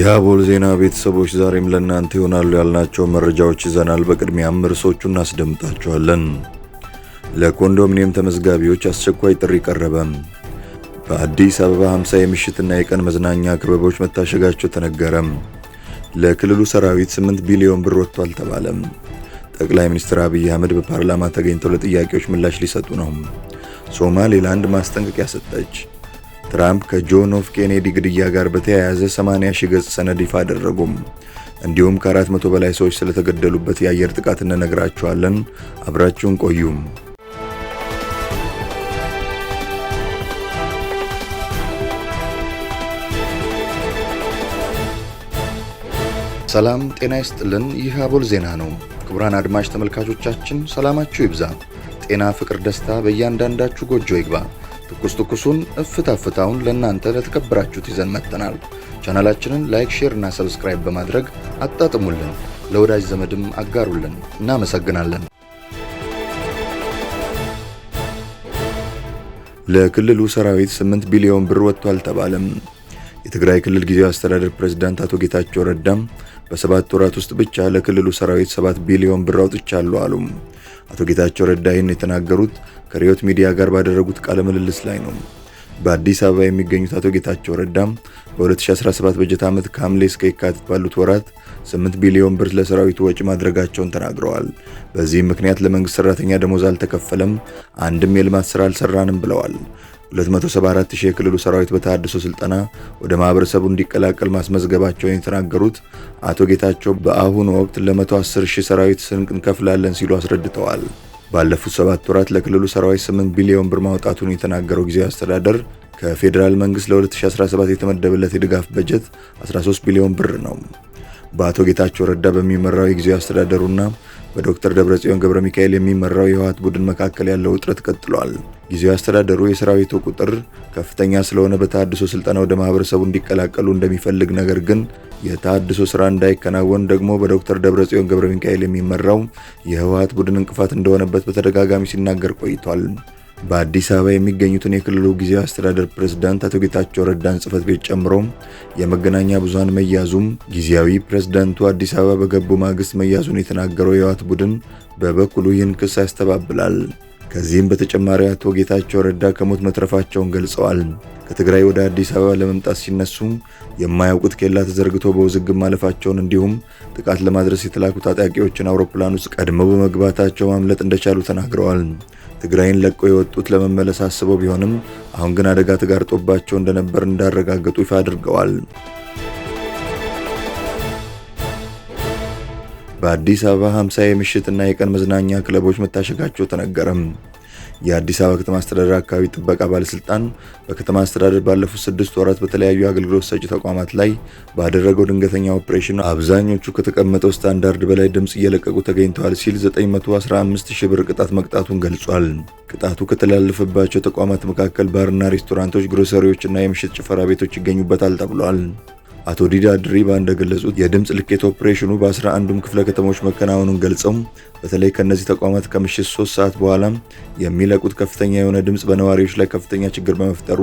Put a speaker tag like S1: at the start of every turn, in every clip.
S1: የአቦል ዜና ቤተሰቦች ዛሬም ለእናንተ ይሆናሉ ያልናቸው መረጃዎች ይዘናል። በቅድሚያም ርዕሶቹ እናስደምጣቸዋለን። ለኮንዶሚኒየም ተመዝጋቢዎች አስቸኳይ ጥሪ ቀረበ። በአዲስ አበባ 50 የምሽትና የቀን መዝናኛ ክበቦች መታሸጋቸው ተነገረም። ለክልሉ ሰራዊት 8 ቢሊዮን ብር ወጥቷል ተባለም። ጠቅላይ ሚኒስትር አብይ አህመድ በፓርላማ ተገኝተው ለጥያቄዎች ምላሽ ሊሰጡ ነው። ሶማሌላንድ ማስጠንቀቂያ ሰጠች። ትራምፕ ከጆን ኦፍ ኬኔዲ ግድያ ጋር በተያያዘ 80 ሺህ ገጽ ሰነድ ይፋ አደረጉም። እንዲሁም ከ400 በላይ ሰዎች ስለተገደሉበት የአየር ጥቃት እንነግራችኋለን። አብራችሁን ቆዩም።
S2: ሰላም ጤና ይስጥልን። ይህ አቦል ዜና ነው። ክቡራን አድማጭ ተመልካቾቻችን ሰላማችሁ ይብዛ፣ ጤና፣ ፍቅር፣ ደስታ በእያንዳንዳችሁ ጎጆ ይግባ። ትኩስ ትኩሱን እፍታ ፍታውን ለእናንተ ለተከበራችሁት ይዘን መጥተናል። ቻናላችንን ላይክ፣ ሼር እና ሰብስክራይብ በማድረግ አጣጥሙልን፣ ለወዳጅ ዘመድም አጋሩልን። እናመሰግናለን።
S1: ለክልሉ ሰራዊት 8 ቢሊዮን ብር ወጥቷል ተባለም። የትግራይ ክልል ጊዜያዊ አስተዳደር ፕሬዝዳንት አቶ ጌታቸው ረዳም በሰባት ወራት ውስጥ ብቻ ለክልሉ ሰራዊት ሰባት ቢሊዮን ብር አውጥቻለሁ አሉ። አቶ ጌታቸው ረዳ ይህን የተናገሩት ከሪዮት ሚዲያ ጋር ባደረጉት ቃለ ምልልስ ላይ ነው። በአዲስ አበባ የሚገኙት አቶ ጌታቸው ረዳም በ2017 በጀት ዓመት ከሐምሌ እስከ የካቲት ባሉት ወራት 8 ቢሊዮን ብር ለሰራዊቱ ወጪ ማድረጋቸውን ተናግረዋል። በዚህም ምክንያት ለመንግስት ሰራተኛ ደሞዝ አልተከፈለም፣ አንድም የልማት ስራ አልሰራንም ብለዋል። 274 ሺህ የክልሉ ሰራዊት በተሃድሶ ስልጠና ወደ ማህበረሰቡ እንዲቀላቀል ማስመዝገባቸውን የተናገሩት አቶ ጌታቸው በአሁኑ ወቅት ለ110 ሺህ ሰራዊት ስንቅ እንከፍላለን ሲሉ አስረድተዋል። ባለፉት ሰባት ወራት ለክልሉ ሰራዊት 8 ቢሊዮን ብር ማውጣቱን የተናገረው ጊዜያዊ አስተዳደር ከፌዴራል መንግስት ለ2017 የተመደበለት የድጋፍ በጀት 13 ቢሊዮን ብር ነው። በአቶ ጌታቸው ረዳ በሚመራው የጊዜያዊ አስተዳደሩና በዶክተር ደብረጽዮን ገብረ ሚካኤል የሚመራው የህወሓት ቡድን መካከል ያለው ውጥረት ቀጥሏል። ጊዜው አስተዳደሩ የሰራዊቱ ቁጥር ከፍተኛ ስለሆነ በተሃድሶ ስልጠና ወደ ማህበረሰቡ እንዲቀላቀሉ እንደሚፈልግ፣ ነገር ግን የተሃድሶ ስራ እንዳይከናወን ደግሞ በዶክተር ደብረጽዮን ገብረ ሚካኤል የሚመራው የህወሓት ቡድን እንቅፋት እንደሆነበት በተደጋጋሚ ሲናገር ቆይቷል። በአዲስ አበባ የሚገኙትን የክልሉ ጊዜያዊ አስተዳደር ፕሬዝዳንት አቶ ጌታቸው ረዳን ጽህፈት ቤት ጨምሮ የመገናኛ ብዙሃን መያዙም ጊዜያዊ ፕሬዝዳንቱ አዲስ አበባ በገቡ ማግስት መያዙን የተናገረው የህወሓት ቡድን በበኩሉ ይህን ክስ ያስተባብላል። ከዚህም በተጨማሪ አቶ ጌታቸው ረዳ ከሞት መትረፋቸውን ገልጸዋል። ከትግራይ ወደ አዲስ አበባ ለመምጣት ሲነሱ የማያውቁት ኬላ ተዘርግቶ በውዝግብ ማለፋቸውን እንዲሁም ጥቃት ለማድረስ የተላኩ ታጣቂዎችን አውሮፕላን ውስጥ ቀድመው በመግባታቸው ማምለጥ እንደቻሉ ተናግረዋል። ትግራይን ለቀው የወጡት ለመመለስ አስበው ቢሆንም አሁን ግን አደጋ ተጋርጦባቸው እንደነበር እንዳረጋገጡ ይፋ አድርገዋል። በአዲስ አበባ 50 የምሽትና የቀን መዝናኛ ክለቦች መታሸጋቸው ተነገረም። የአዲስ አበባ ከተማ አስተዳደር አካባቢ ጥበቃ ባለስልጣን በከተማ አስተዳደር ባለፉት ስድስት ወራት በተለያዩ አገልግሎት ሰጪ ተቋማት ላይ ባደረገው ድንገተኛ ኦፕሬሽን አብዛኞቹ ከተቀመጠው ስታንዳርድ በላይ ድምፅ እየለቀቁ ተገኝተዋል ሲል 915 ሺህ ብር ቅጣት መቅጣቱን ገልጿል። ቅጣቱ ከተላለፈባቸው ተቋማት መካከል ባርና ሬስቶራንቶች፣ ግሮሰሪዎች እና የምሽት ጭፈራ ቤቶች ይገኙበታል ተብሏል። አቶ ዲዳ ድሪባ እንደገለጹት የድምፅ ልኬት ኦፕሬሽኑ በ11ዱም ክፍለ ከተሞች መከናወኑን ገልጸው በተለይ ከእነዚህ ተቋማት ከምሽት 3 ሰዓት በኋላ የሚለቁት ከፍተኛ የሆነ ድምፅ በነዋሪዎች ላይ ከፍተኛ ችግር በመፍጠሩ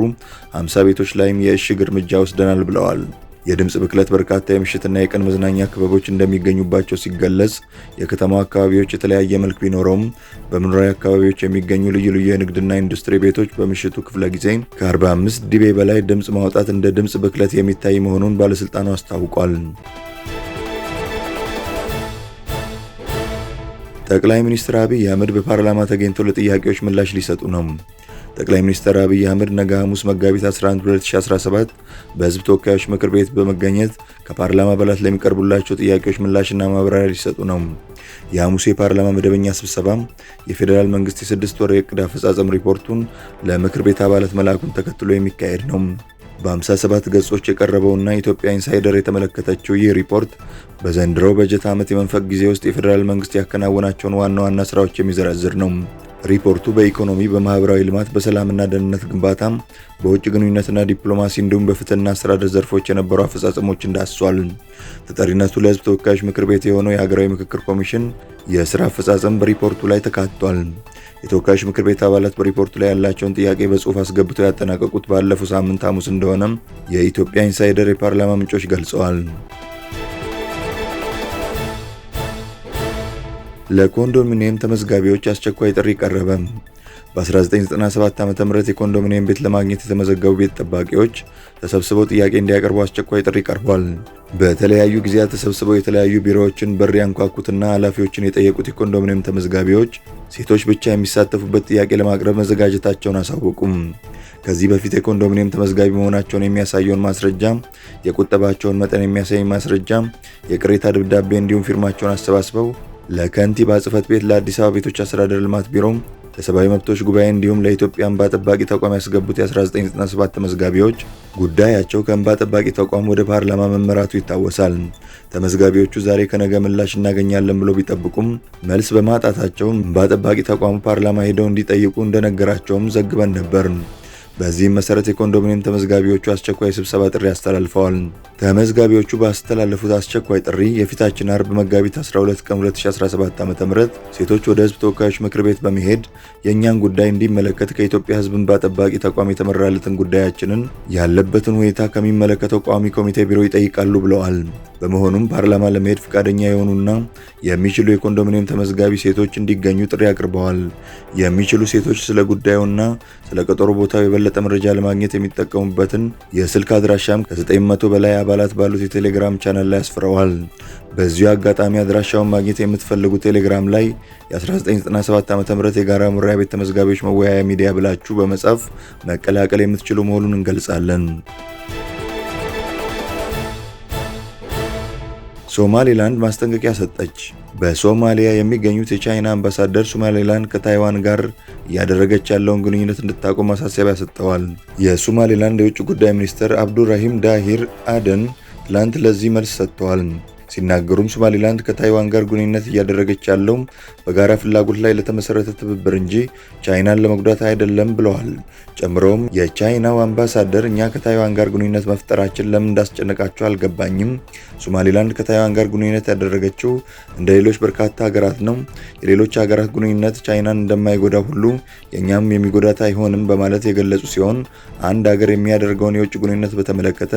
S1: 50 ቤቶች ላይም የእሽግ እርምጃ ወስደናል ብለዋል። የድምፅ ብክለት በርካታ የምሽትና የቀን መዝናኛ ክበቦች እንደሚገኙባቸው ሲገለጽ የከተማ አካባቢዎች የተለያየ መልክ ቢኖረውም በመኖሪያ አካባቢዎች የሚገኙ ልዩ ልዩ የንግድና ኢንዱስትሪ ቤቶች በምሽቱ ክፍለ ጊዜ ከ45 ዲቤ በላይ ድምፅ ማውጣት እንደ ድምፅ ብክለት የሚታይ መሆኑን ባለሥልጣኑ አስታውቋል። ጠቅላይ ሚኒስትር አብይ አህመድ በፓርላማ ተገኝተው ለጥያቄዎች ምላሽ ሊሰጡ ነው። ጠቅላይ ሚኒስትር አብይ አህመድ ነገ ሐሙስ መጋቢት 11 2017 በህዝብ ተወካዮች ምክር ቤት በመገኘት ከፓርላማ አባላት ለሚቀርቡላቸው ጥያቄዎች ምላሽና ማብራሪያ ሊሰጡ ነው። የሐሙሱ የፓርላማ መደበኛ ስብሰባም የፌዴራል መንግስት የስድስት ወር የእቅድ አፈጻጸም ሪፖርቱን ለምክር ቤት አባላት መላኩን ተከትሎ የሚካሄድ ነው። በ57 ገጾች የቀረበውና ኢትዮጵያ ኢንሳይደር የተመለከተችው ይህ ሪፖርት በዘንድሮው በጀት ዓመት የመንፈቅ ጊዜ ውስጥ የፌዴራል መንግስት ያከናወናቸውን ዋና ዋና ስራዎች የሚዘረዝር ነው። ሪፖርቱ በኢኮኖሚ፣ በማህበራዊ ልማት፣ በሰላምና ደህንነት ግንባታም፣ በውጭ ግንኙነትና ዲፕሎማሲ እንዲሁም በፍትህና አስተዳደር ዘርፎች የነበሩ አፈጻጸሞች እንዳስሷል። ተጠሪነቱ ለህዝብ ተወካዮች ምክር ቤት የሆነው የሀገራዊ ምክክር ኮሚሽን የስራ አፈጻጸም በሪፖርቱ ላይ ተካቷል። የተወካዮች ምክር ቤት አባላት በሪፖርቱ ላይ ያላቸውን ጥያቄ በጽሁፍ አስገብተው ያጠናቀቁት ባለፈው ሳምንት ሐሙስ እንደሆነም የኢትዮጵያ ኢንሳይደር የፓርላማ ምንጮች ገልጸዋል። ለኮንዶሚኒየም ተመዝጋቢዎች አስቸኳይ ጥሪ ቀረበ። በ1997 ዓ ም የኮንዶሚኒየም ቤት ለማግኘት የተመዘገቡ ቤት ጠባቂዎች ተሰብስበው ጥያቄ እንዲያቀርቡ አስቸኳይ ጥሪ ቀርቧል። በተለያዩ ጊዜያት ተሰብስበው የተለያዩ ቢሮዎችን በር ያንኳኩትና ኃላፊዎችን የጠየቁት የኮንዶሚኒየም ተመዝጋቢዎች ሴቶች ብቻ የሚሳተፉበት ጥያቄ ለማቅረብ መዘጋጀታቸውን አሳወቁም። ከዚህ በፊት የኮንዶሚኒየም ተመዝጋቢ መሆናቸውን የሚያሳየውን ማስረጃ፣ የቁጠባቸውን መጠን የሚያሳይ ማስረጃ፣ የቅሬታ ደብዳቤ እንዲሁም ፊርማቸውን አሰባስበው ለከንቲባ ጽህፈት ቤት፣ ለአዲስ አበባ ቤቶች አስተዳደር ልማት ቢሮም፣ ለሰብአዊ መብቶች ጉባኤ እንዲሁም ለኢትዮጵያ እንባ ጠባቂ ተቋም ያስገቡት የ1997 ተመዝጋቢዎች ጉዳያቸው ከእንባ ጠባቂ ተቋም ወደ ፓርላማ መመራቱ ይታወሳል። ተመዝጋቢዎቹ ዛሬ ከነገ ምላሽ እናገኛለን ብሎ ቢጠብቁም መልስ በማጣታቸው እንባ ጠባቂ ተቋሙ ፓርላማ ሄደው እንዲጠይቁ እንደነገራቸውም ዘግበን ነበር። በዚህም መሰረት የኮንዶሚኒየም ተመዝጋቢዎቹ አስቸኳይ ስብሰባ ጥሪ አስተላልፈዋል። ተመዝጋቢዎቹ ባስተላለፉት አስቸኳይ ጥሪ የፊታችን አርብ መጋቢት 12 ቀን 2017 ዓ ም ሴቶች ወደ ህዝብ ተወካዮች ምክር ቤት በመሄድ የእኛን ጉዳይ እንዲመለከት ከኢትዮጵያ ህዝብን በጠባቂ ተቋም የተመራለትን ጉዳያችንን ያለበትን ሁኔታ ከሚመለከተው ቋሚ ኮሚቴ ቢሮ ይጠይቃሉ ብለዋል። በመሆኑም ፓርላማ ለመሄድ ፈቃደኛ የሆኑና የሚችሉ የኮንዶሚኒየም ተመዝጋቢ ሴቶች እንዲገኙ ጥሪ አቅርበዋል። የሚችሉ ሴቶች ስለ ጉዳዩና ስለ ቀጠሮ ቦታው የበለጠ መረጃ ለማግኘት የሚጠቀሙበትን የስልክ አድራሻም ከ900 በላይ አባላት ባሉት የቴሌግራም ቻናል ላይ አስፍረዋል። በዚሁ አጋጣሚ አድራሻውን ማግኘት የምትፈልጉ ቴሌግራም ላይ የ1997 ዓ ም የጋራ መኖሪያ ቤት ተመዝጋቢዎች መወያያ ሚዲያ ብላችሁ በመጻፍ መቀላቀል የምትችሉ መሆኑን እንገልጻለን። ሶማሌላንድ ማስጠንቀቂያ ሰጠች። በሶማሊያ የሚገኙት የቻይና አምባሳደር ሶማሊላንድ ከታይዋን ጋር እያደረገች ያለውን ግንኙነት እንድታቆም ማሳሰቢያ ሰጥተዋል። የሶማሌላንድ የውጭ ጉዳይ ሚኒስትር አብዱራሂም ዳሂር አደን ትላንት ለዚህ መልስ ሰጥተዋል። ሲናገሩም ሶማሌላንድ ከታይዋን ጋር ግንኙነት እያደረገች ያለውም በጋራ ፍላጎት ላይ ለተመሰረተ ትብብር እንጂ ቻይናን ለመጉዳት አይደለም ብለዋል። ጨምረውም የቻይናው አምባሳደር እኛ ከታይዋን ጋር ግንኙነት መፍጠራችን ለምን እንዳስጨነቃቸው አልገባኝም። ሶማሌላንድ ከታይዋን ጋር ግንኙነት ያደረገችው እንደ ሌሎች በርካታ ሀገራት ነው። የሌሎች ሀገራት ግንኙነት ቻይናን እንደማይጎዳ ሁሉ የእኛም የሚጎዳት አይሆንም በማለት የገለጹ ሲሆን አንድ ሀገር የሚያደርገውን የውጭ ግንኙነት በተመለከተ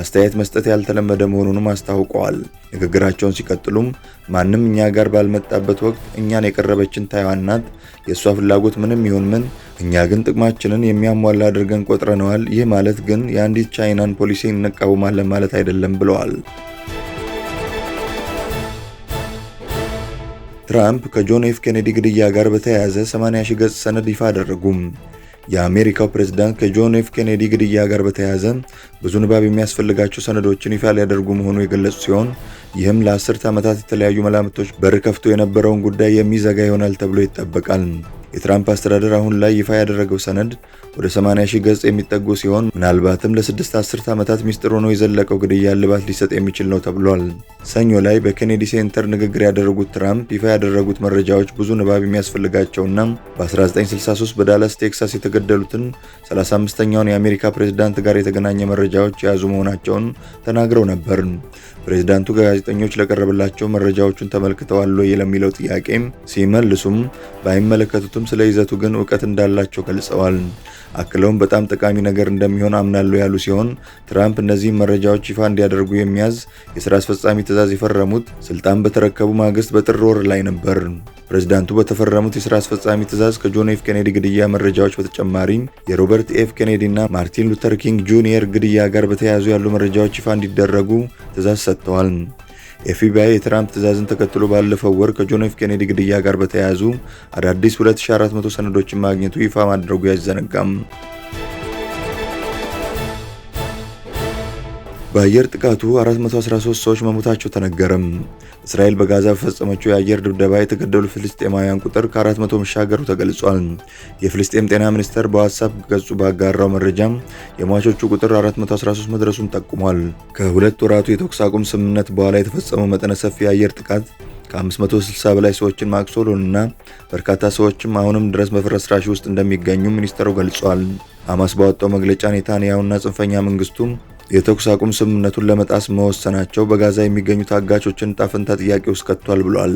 S1: አስተያየት መስጠት ያልተለመደ መሆኑንም አስታውቀዋል። ንግግራቸውን ሲቀጥሉም ማንም እኛ ጋር ባልመጣበት ወቅት እኛን የቀረበችን ታይዋን ናት። የእሷ ፍላጎት ምንም ይሁን ምን፣ እኛ ግን ጥቅማችንን የሚያሟላ አድርገን ቆጥረነዋል። ይህ ማለት ግን የአንዲት ቻይናን ፖሊሲ እንቃወማለን ማለት አይደለም ብለዋል። ትራምፕ ከጆን ኤፍ ኬኔዲ ግድያ ጋር በተያያዘ 80 ሺህ ገጽ ሰነድ ይፋ አደረጉም። የአሜሪካው ፕሬዝዳንት ከጆን ኤፍ ኬኔዲ ግድያ ጋር በተያያዘ ብዙ ንባብ የሚያስፈልጋቸው ሰነዶችን ይፋ ሊያደርጉ መሆኑ የገለጹ ሲሆን ይህም ለአስርት ዓመታት የተለያዩ መላምቶች በር ከፍቶ የነበረውን ጉዳይ የሚዘጋ ይሆናል ተብሎ ይጠበቃል። የትራምፕ አስተዳደር አሁን ላይ ይፋ ያደረገው ሰነድ ወደ 80 ሺህ ገጽ የሚጠጉ ሲሆን ምናልባትም ለስድስት አስርት ዓመታት ሚስጥር ሆኖ የዘለቀው ግድያ እልባት ሊሰጥ የሚችል ነው ተብሏል። ሰኞ ላይ በኬኔዲ ሴንተር ንግግር ያደረጉት ትራምፕ ይፋ ያደረጉት መረጃዎች ብዙ ንባብ የሚያስፈልጋቸውና በ1963 በዳላስ ቴክሳስ የተገደሉትን 35ኛውን የአሜሪካ ፕሬዝዳንት ጋር የተገናኘ መረጃዎች የያዙ መሆናቸውን ተናግረው ነበር። ፕሬዝዳንቱ ጋዜጠኞች ለቀረበላቸው መረጃዎቹን ተመልክተዋል ወይ ለሚለው ጥያቄም ሲመልሱም ባይመለከቱትም ስለ ይዘቱ ግን እውቀት እንዳላቸው ገልጸዋል። አክለውም በጣም ጠቃሚ ነገር እንደሚሆን አምናለሁ ያሉ ሲሆን ትራምፕ እነዚህም መረጃዎች ይፋ እንዲያደርጉ የሚያዝ የስራ አስፈጻሚ ትዕዛዝ የፈረሙት ስልጣን በተረከቡ ማግስት በጥር ወር ላይ ነበር። ፕሬዝዳንቱ በተፈረሙት የስራ አስፈጻሚ ትዕዛዝ ከጆን ኤፍ ኬኔዲ ግድያ መረጃዎች በተጨማሪም የሮበርት ኤፍ ኬኔዲ እና ማርቲን ሉተር ኪንግ ጁኒየር ግድያ ጋር በተያያዙ ያሉ መረጃዎች ይፋ እንዲደረጉ ትዕዛዝ ሰጥተዋል። ኤፍቢአይ የትራምፕ ትዕዛዝን ተከትሎ ባለፈው ወር ከጆን ኤፍ ኬኔዲ ግድያ ጋር በተያያዙ አዳዲስ 2400 ሰነዶችን ማግኘቱ ይፋ ማድረጉ አይዘነጋም። በአየር ጥቃቱ 413 ሰዎች መሞታቸው ተነገረም። እስራኤል በጋዛ በፈጸመችው የአየር ድብደባ የተገደሉ ፍልስጤማውያን ቁጥር ከ400 መሻገሩ ተገልጿል። የፍልስጤም ጤና ሚኒስቴር በዋትሳፕ ገጹ ባጋራው መረጃም የሟቾቹ ቁጥር 413 መድረሱን ጠቁሟል። ከሁለት ወራቱ የተኩስ አቁም ስምምነት በኋላ የተፈጸመው መጠነ ሰፊ የአየር ጥቃት ከ560 በላይ ሰዎችን ማቅሶሉንና በርካታ ሰዎችም አሁንም ድረስ በፍርስራሽ ውስጥ እንደሚገኙ ሚኒስተሩ ገልጿል። ሐማስ ባወጣው መግለጫ ኔታንያሁና ጽንፈኛ መንግስቱም የተኩስ አቁም ስምምነቱን ለመጣስ መወሰናቸው በጋዛ የሚገኙ ታጋቾችን ጣፍንታ ጥያቄ ውስጥ ከቷል ብሏል።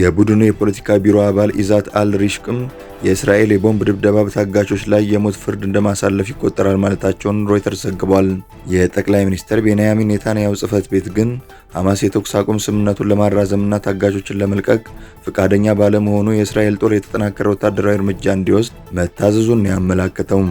S1: የቡድኑ የፖለቲካ ቢሮ አባል ኢዛት አል ሪሽቅም የእስራኤል የቦምብ ድብደባ በታጋቾች ላይ የሞት ፍርድ እንደማሳለፍ ይቆጠራል ማለታቸውን ሮይተርስ ዘግቧል። የጠቅላይ ሚኒስትር ቤንያሚን ኔታንያው ጽህፈት ቤት ግን ሐማስ የተኩስ አቁም ስምምነቱን ለማራዘምና ታጋቾችን ለመልቀቅ ፈቃደኛ ባለመሆኑ የእስራኤል ጦር የተጠናከረ ወታደራዊ እርምጃ እንዲወስድ መታዘዙን ያመላከተውም